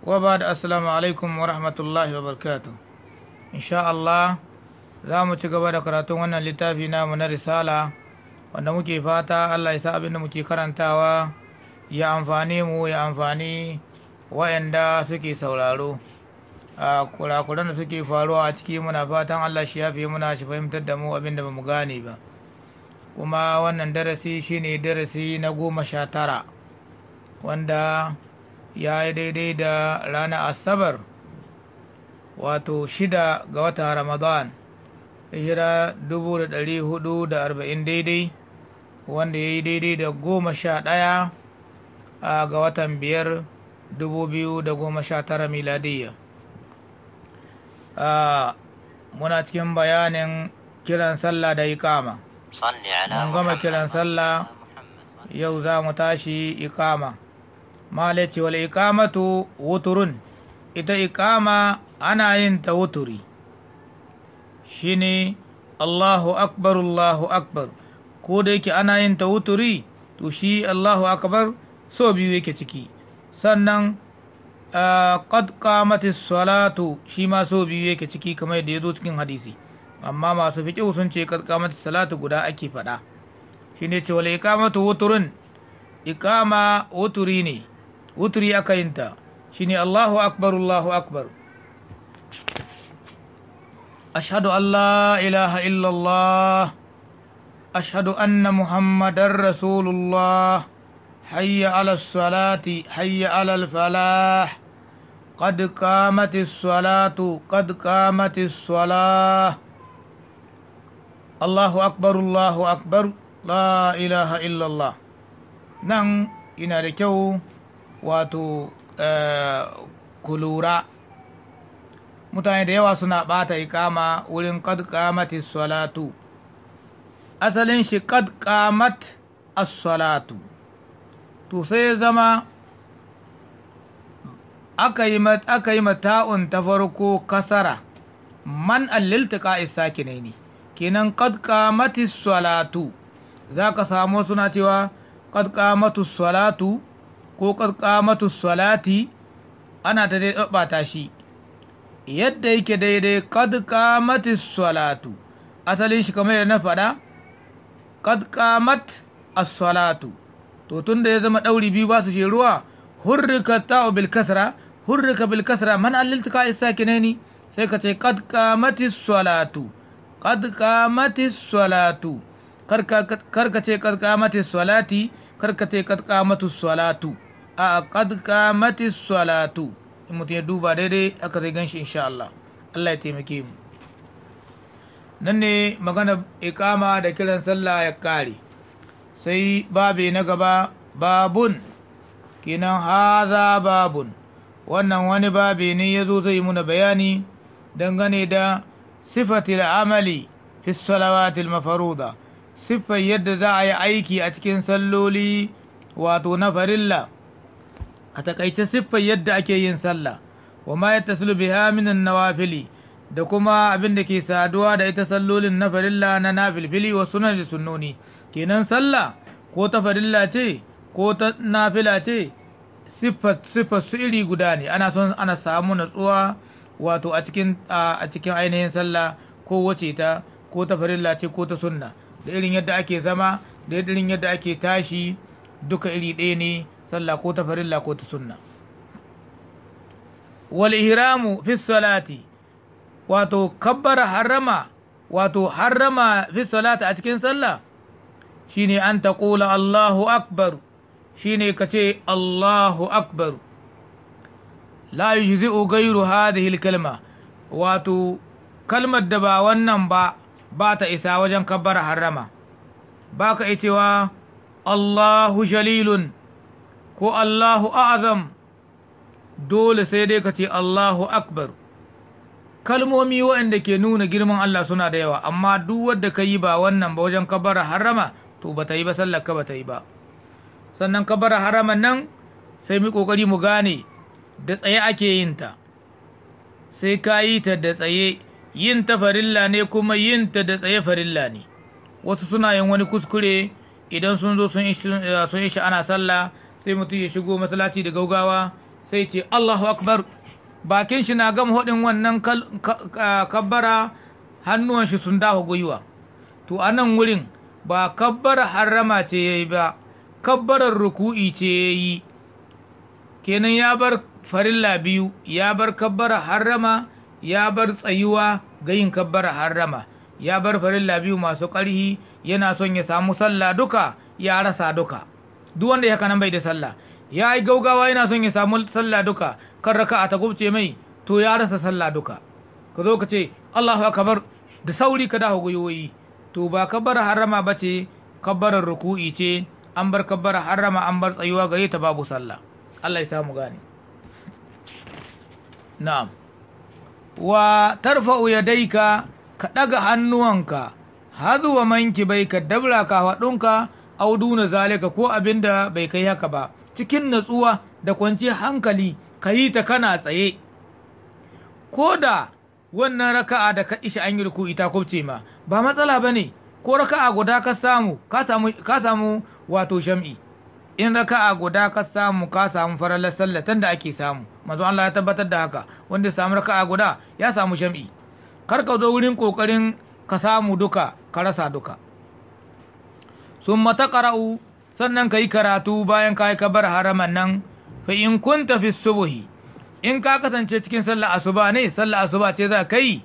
wa ba da assalamu alaikum wa rahmatullahi wa barkatu insha Allah za mu ci gaba da karatun wannan littafi namu na risala wanda muke fata Allah ya sa abin da muke karantawa ya amfani mu ya amfani wayanda suke sauraro a kurakuran da suke faruwa a ciki muna fatan Allah shi fi muna shi fahimtar da mu abin da bamu gane ba kuma wannan darasi shine darasi na goma sha tara wanda ya yi daidai da ranar asabar wato shida ga watan ramadan hira dubu da ɗari hudu da arba'in daidai wanda ya yi daidai da goma sha ɗaya ga watan biyar dubu biyu da goma sha tara miladiyya muna cikin bayanin kiran sallah da ikama mun gama kiran sallah yau za mu tashi ikama mala ce wal iqamatu wuturun ita iqama ana yin ta wuturi shine Allahu akbar Allahu akbar ko da yake ana yin ta wuturi to shi Allahu akbar so biyu yake ciki sannan qad qamatis salatu shi ma so biyu yake ciki kamar da ya zo cikin hadisi amma masu fiqh sun ce qad qamatis salatu guda ake faɗa shine ce wal iqamatu wuturun iqama wuturi ne wuturi aka yin ta shine Allahu akbar Allahu akbar ashhadu an la ilaha illallah ashhadu anna muhammadar rasulullah hayya ala salati hayya ala falah قد قامت الصلاة قد قامت الصلاة الله أكبر الله أكبر لا إله إلا الله نعم إن ركو wato eh, kulura mutane da yawa suna ɓata ikama wurin kad kamati salatu asalin shi kad kamat as-salatu to sai zama aka yi mata'un ta farko kasara man alliltika isakinai ne kenan kad kamati salatu za ka samu suna cewa kad kamatu salatu ko ƙamatu salati ana ta dai ɓata shi yadda yake daidai kad salatu asalin shi kamar na faɗa kad salatu to tun da ya zama ɗauri biyu ba su ruwa hurrika ta'u bil kasra hurrika bil kasra man alliltika ni. sai ka ce kad qamati salatu kad qamati salatu karka ce kad qamati salati karka ce kad salatu a qad qamatis salatu in mutum ya duba daidai aka zai ganshi insha Allah Allah ya taimake mu nan ne magana ikama da kiran sallah ya kare sai babe na gaba babun kinan haza babun wannan wani babe ne ya zo zai muna bayani dangane da sifatil amali fi salawatil mafaruda siffar yadda za a yi aiki a cikin salloli wato na farilla a takaice siffar yadda ake yin sallah wa ma ya tasilu biha minan nawafili da kuma abin da ke saduwa da ita sallolin na farilla na nafilfili wa sunan da sunnoni kenan sallah ko ta farilla ce ko ta nafila ce siffar su iri guda ne ana son ana samu natsuwa wato a cikin a cikin ainihin sallah ko wace ta ko ta farilla ce ko ta sunna da irin yadda ake zama da irin yadda ake tashi duka iri ɗaya ne sallah ko ta farilla ko ta sunna wal ihramu fi salati wato kabbara harrama wato harrama fi salati a cikin sallah shine an ta kula Allahu akbar shine ka ce Allahu akbar la yujzi'u ghayru hadhihi kalma wato kalmar da ba wannan ba ba ta isa wajen kabbara harrama ba ka cewa Allahu jalilun ko Allahu a'zam! dole sai dai ka ce Allahu akbar kalmomi waɗanda ke nuna girman Allah suna da yawa amma duk wanda ka yi ba wannan ba wajen kabara harama to ba ta yi ba sallar ka ba ta yi ba sannan kabara harama nan sai mu kokari mu gane da tsaye ake yin ta sai ka yi ta da tsaye yin ta farilla ne kuma yin ta da tsaye farilla ne wasu suna yin wani kuskure idan sun zo sun yi sha'ana sallah sai mutum ya shigo masallaci da gaugawa sai ce Allahu akbar bakin shi na gama hudin wannan kabbara hannuwan shi sun dafa gwiwa to a nan wurin ba kabbara harrama ce ya yi ba kabbarar ruku'i ce ya yi kenan ya bar farilla biyu ya bar kabbara harama, ya bar tsayuwa ga yin kabbara harama, ya bar farilla biyu masu ƙarhi yana son ya samu sallah duka ya rasa duka duk wanda ya kanan bai da sallah ya yi gaugawa yana son ya samu sallah duka kan raka a tagubce mai to ya rasa sallah duka ka zo ka ce Allahu akbar da sauri ka dawo wayoyi. to ba kabbar harama ba ce kabbarar ruku'i ce an bar kabbar harama an bar tsayuwa gare ta babu sallah Allah ya samu gane na'am wa tarfa'u yadaika ka ɗaga hannuwanka hazuwa manki bai ka dabla ka au duna zalika ko abin da bai kai haka ba cikin natsuwa da kwanci hankali ka yi ta kana tsaye ko da wannan raka'a da ka isha an yi ita ta kubce ma ba matsala ba ne ko raka'a guda ka samu ka samu wato sham'i in raka'a guda ka samu ka samu farallar sallah da ake samu manzo Allah ya tabbatar da haka wanda ya samu raka'a guda ya samu sham'i kar ka zo wurin kokarin ka samu duka ka rasa duka sun mata ƙara'u sannan ka yi karatu bayan ka yi kabar haraman nan fa in kun tafi subuhi in ka kasance cikin sallah asuba ne sallah asuba ce za ka yi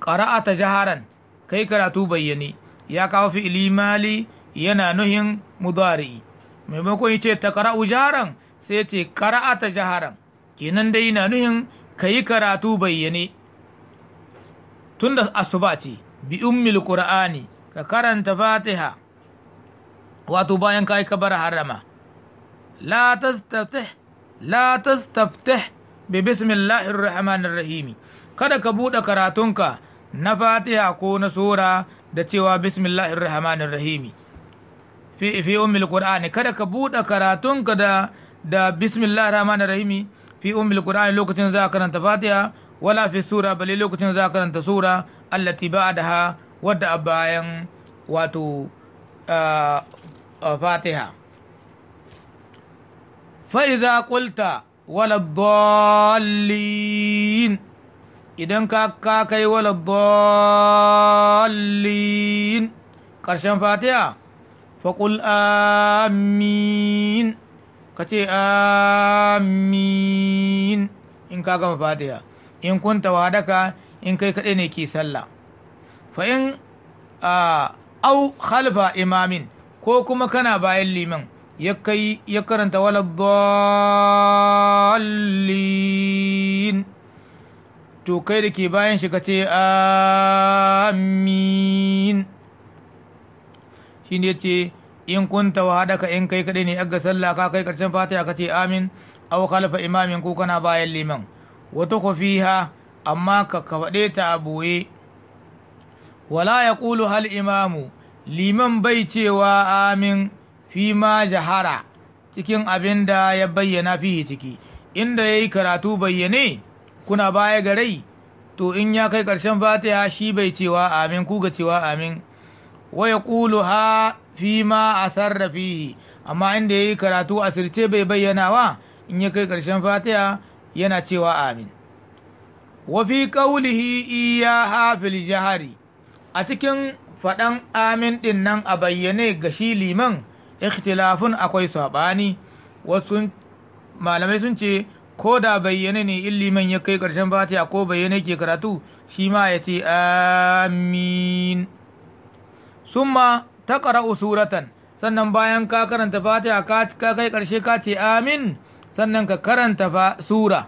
ƙara'a ta jaharan ka yi karatu bayyane ya kawo fi mali yana nuhin mudari maimakon ce ta ƙara'u jaharan sai ce ƙara'a ta jaharan kenan dai yana nuhin ka yi karatu bayyane Tunda asuba ce bi ummil qur'ani ka karanta fatiha wato bayan ka yi kabar harama la tastaftih la tastaftih bi bismillahir rahmanir rahim kada ka buɗe karatunka na fatiha ko na sura da cewa bismillahir rahmanir rahim fi fi ummil qur'ani kada ka buɗe karatunka da da bismillahir rahmanir rahim fi ummil qur'ani lokacin za ka karanta fatiha wala fi sura bale lokacin za ka karanta sura allati ba'daha wadda a bayan wato ah, fatiha fa'iza kulta wala dallin idan ka kai wala dallin ƙarshen fatiha faƙul amin ka ce amin in ka gama fatiha in kunta wadaka in kai kaɗai ne ke sallah fa in au khalfa imamin ko kuma kana bayan liman ya kai ya karanta waladdallin to kai da ke bayan shi ka ce amin shi ne ce in kunta wa hadaka in kai kaɗai ne aga sallah ka kai ƙarshen fatiha ka ce amin aw khalafa imamin ko kana bayan liman wata ku fiha amma ka kafaɗe ta a boye wala ya ƙulu hal imamu liman bai cewa amin fi ma jahara cikin abin da ya bayyana fi ciki inda ya yi karatu bayyane kuna baya ga rai to in ya kai ƙarshen fatiha shi bai cewa amin ku ga cewa amin wa ya ha fi ma a sarrafi amma inda ya yi karatu a sirce bai bayyanawa in ya kai ƙarshen fatiha yana cewa amin wa fi ƙaulihi iya hafil jihari a cikin faɗan amin ɗin nan a bayyane ga shi liman ikhtilafun akwai saɓani wasu malamai sun ce ko da bayyane ne in liman ya kai ƙarshen fatiha ko bayyane ke karatu shi ma ya ce amin Sun ma ta ƙara suratan sannan bayan ka karanta fatiha ka kai ƙarshe ka ce amin sannan ka karanta sura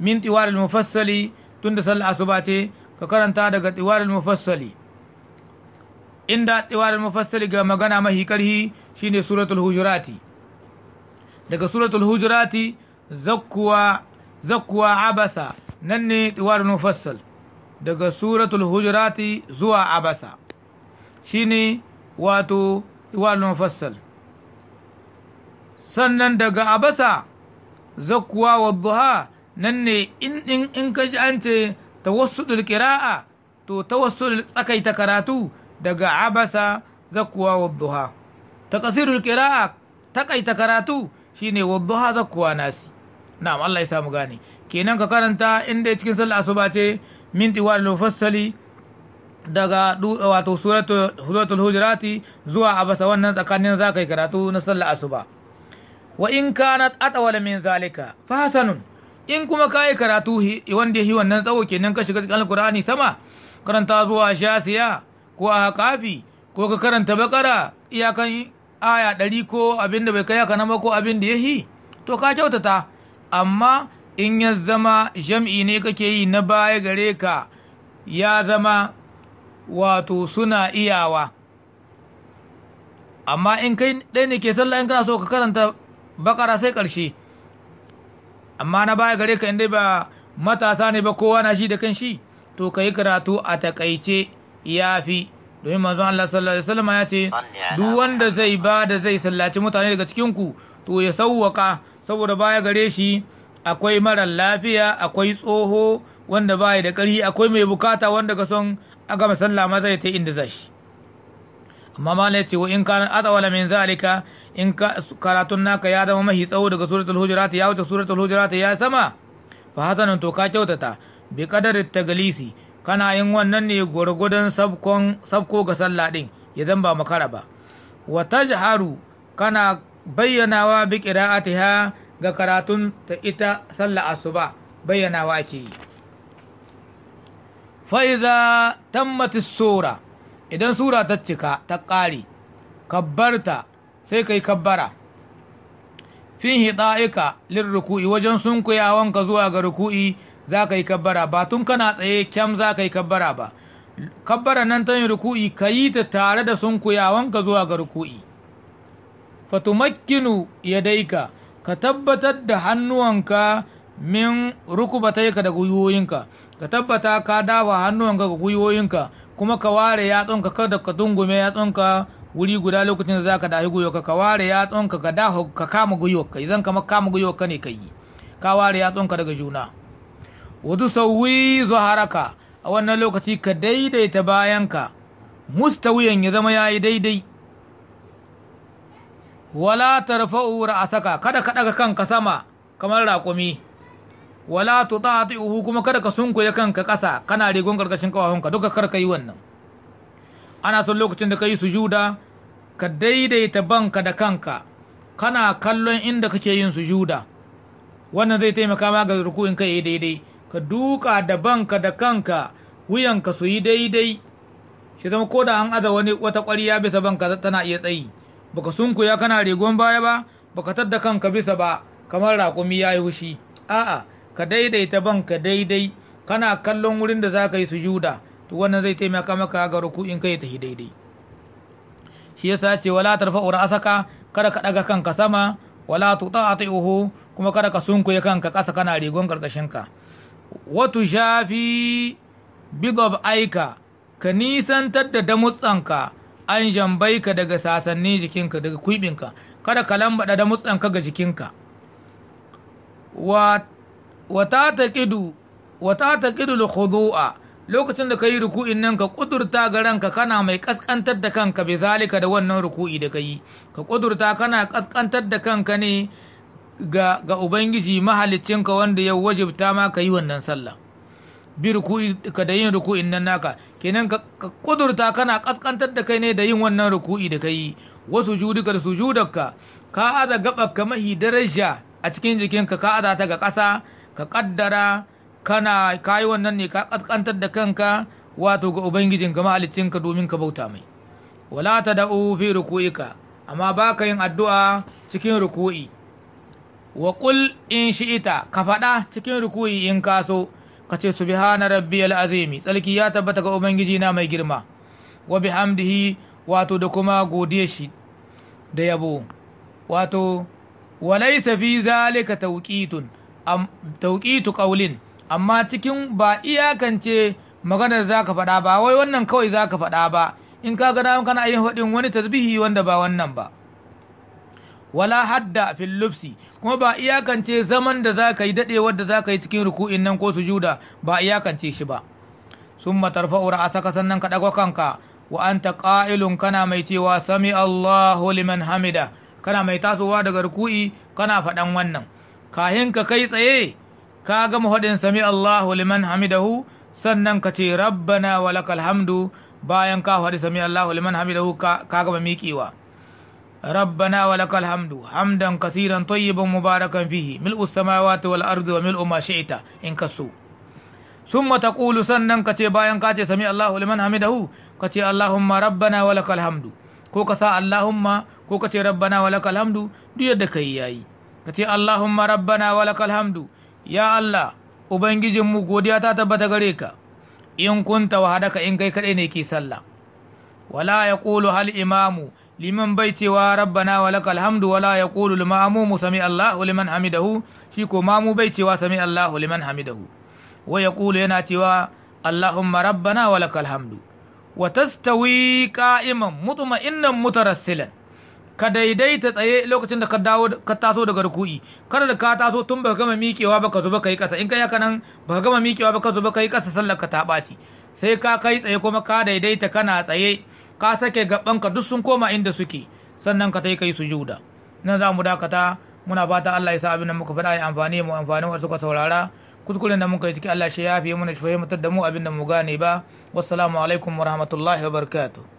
min tiwal mufassali tunda sallah asuba ce ka karanta daga tiwal mufassali Inda daɗewa da mafassali ga magana mahi ƙarhi shine suratul hujurati daga suratul hujurati zakkuwa zakkuwa abasa nan ne ɗiwar mufassal daga suratul hujurati zuwa abasa shine wato ɗiwar mufassal sannan daga abasa zakkuwa wadduha nan ne in in in ka ji an ce tawassulul qira'a to tawassul tsakaita karatu daga abasa zakuwa wadduha takasirul qira'a takaita karatu shine wadduha zakuwa nasi na'am Allah ya samu gane kenan ka karanta inda cikin sallah asuba ce minti tiwal mufassali daga wato suratul hujurati zuwa abasa wannan tsakanin za ka yi karatu na sallah asuba wa in kanat atawala min zalika fa in kuma ka yi karatu wanda yi wannan tsawo kenan ka shiga cikin alkur'ani sama karanta zuwa shasiya ko a kafi ko ka karanta bakara iyakan aya ɗari ko abin da bai kai haka nan ba ko abin da ya yi to ka kyautata amma in ya zama jam'i ne kake yi na baya gare ka ya zama wato suna iyawa amma in kai ɗaya ne ke sallah in kana so ka karanta bakara sai ƙarshe amma na baya gare ka inda ba matasa ne ba kowa na shi da kan shi to ka yi karatu a takaice ya fi domin manzon Allah sallallahu alaihi wasallam ya ce duk wanda zai ba da zai sallaci mutane daga cikin ku to ya sawwaka saboda baya gare shi akwai mara lafiya akwai tsoho wanda baya da ƙari akwai mai bukata wanda ka son a gama sallah zai ta inda zashi amma malai ce wa in kana azawala min zalika in karatun naka ya zama mahi tsawo daga suratul hujurat ya wuce suratul hujurat ya sama fa hasanan to ka kyautata bi qadari taglisi kana yin wannan ne gwargwadon sabko ga sallah ɗin ya zan ba makara ba wa tajharu kana bayyanawa bi qira'atiha ga karatun ta ita sallah asuba bayyanawa ake yi fa idza tammat sura idan sura ta cika ta ƙare kabbarta sai kai kabbara fin hida'ika lil ruku'i wajen sunkuyawanka zuwa ga ruku'i za ka yi kabbara ba tun kana tsaye kyam za ka yi kabbara ba kabbara nan ta yin ruku'i ka yi ta tare da sunkuyawanka zuwa ga ruku'i fatumakkinu daika, ka tabbatar da hannuwanka min rukubataika da gwiwoyinka ka tabbata ka dafa hannuwanka ga gwiwoyinka kuma ka ware yatsunka kada ka dungume yatsunka wuri guda lokacin da zaka dahi gwiwarka ka ware yatsunka ka dafa ka kama gwiwarka idan kama kama gwiwarka ne ka yi ka ware yatsunka daga juna wadu sauwi zuharaka a wannan lokaci ka daidaita bayanka mustawiyan ya zama ya yi daidai wala a saka, kada ka ɗaga kanka sama kamar raƙumi wala ihu kuma kada ka sunkuya kanka ƙasa kana rigon ƙarƙashin ƙawahunka duka kar ka yi wannan ana son lokacin da ka yi sujuda ka daidaita banka da kanka kana kallon inda kake yin sujuda wannan zai taimaka ma ga ruku'in kai daidai ka duka da banka da kanka wuyanka su yi daidai shi zama ko da an aza wani wata ƙwariya bisa banka tana iya tsayi baka sunkuya kana rigon baya ba baka tadda kanka bisa ba kamar raƙumi ya yi hushi a'a ka daidaita banka daidai kana kallon wurin da za ka yi sujuda to wannan zai taimaka maka ga ruku ruku'in kai ta daidai shi yasa ce wala tarfa'u ra'asaka kada ka daga kanka sama wala tuta'atihu kuma kada ka sunkuya kanka ƙasa kana rigon karkashin ka watu shafi bigob aika ka nisantar da damutsanka an jambai ka daga sasannin jikinka daga kuibinka kada ka lambada damutsanka ga jikinka wata ta kidu wata lokacin da ka yi ruku'in nan ka kudurta ga ranka kana mai ƙasƙantar da kanka bai zalika da wannan ruku'i da ka yi ka kudurta kana ƙasƙantar da kanka ne ga, Ubangiji mahalicinka wanda ya wajibta ma ka yi wannan sallah bi ka da yin ruku'in nan naka kenan ka kudurta kana kaskantar da kai ne da yin wannan ruku'i da kayi. wasu judika da sujudarka ka aza gabaka mahi daraja a cikin jikinka ka aza ta ga kasa ka kaddara kana kayi wannan ne ka kaskantar da kanka wato ga ubangijin ubangijinka mahalicinka domin ka bauta mai wala ta da'u fi ruku'ika amma baka yin addu'a cikin ruku'i wa kul in ita ka faɗa cikin rukuyi in ka so ka ce subhana rabbiyal azimi tsalki ya tabbata ga ubangiji na mai girma wa bihamdihi wato da kuma godiye shi da yabo wato walai fi zalika tawqitun am tawqitu qawlin amma cikin ba iyakance maganar zaka faɗa ba wai wannan kawai zaka faɗa ba in ka ga kana yin faɗin wani tasbihi wanda ba wannan ba wala hadda fil lubsi kuma ba iyakance zaman da zaka yi dadewar da zaka yi cikin ruku'in nan ko sujuda ba iyakance shi ba summa tarfa'u ra'asaka sannan ka dago kanka wa anta qa'ilun kana mai cewa sami Allahu liman hamida kana mai tasowa daga ruku'i kana faɗan wannan kahin ka kai tsaye ka gama faɗin sami Allahu liman hamidahu sannan ka ce rabbana walakal hamdu bayan ka faɗi sami Allahu liman hamidahu ka gama miƙewa ربنا ولك الحمد حمدا كثيرا طيبا مباركا فيه ملء السماوات والأرض وملء ما شئت إن كسو ثم تقول سنن كتي باين كاتي سمي الله لمن حمده كتي اللهم ربنا ولك الحمد ko ka sa Allahumma ko ka ce rabbana wa lakal hamdu duk yadda kai yayi ka ce Allahumma rabbana hamdu ya Allah ubangijin mu godiya ta tabbata gare ka in kunta wahadaka in kai kadai ne ke sallah wala yaqulu hal imamu liman bai cewa rabbana wa lakal hamdu wala yaqulu al-ma'mumu sami Allahu liman hamidahu shi ko mamu bai cewa sami Allahu liman hamidahu wa yaqulu yana cewa Allahumma rabbana wa lakal hamdu wa tastawi qa'iman mutma'innan mutarassilan ka daidaita tsaye lokacin da ka dawo ka taso daga ruku'i kada da ka taso tun baka gama miƙewa baka zo baka yi ƙasa in ka yaka nan baka gama miƙewa baka zo baka yi ƙasa sallar ka ta ɓaci sai ka kai tsaye kuma ka daidaita kana tsaye ka sake ka duk sun koma inda suke sannan ka tai kai sujuda nan za mu dakata muna fata Allah ya sa abin da muka faɗa ya amfani mu amfani wa suka saurara kuskuren da muka yi ciki Allah shi ya fiye mana shi fahimtar da mu abin da mu gane ba wassalamu alaikum warahmatullahi wabarakatuh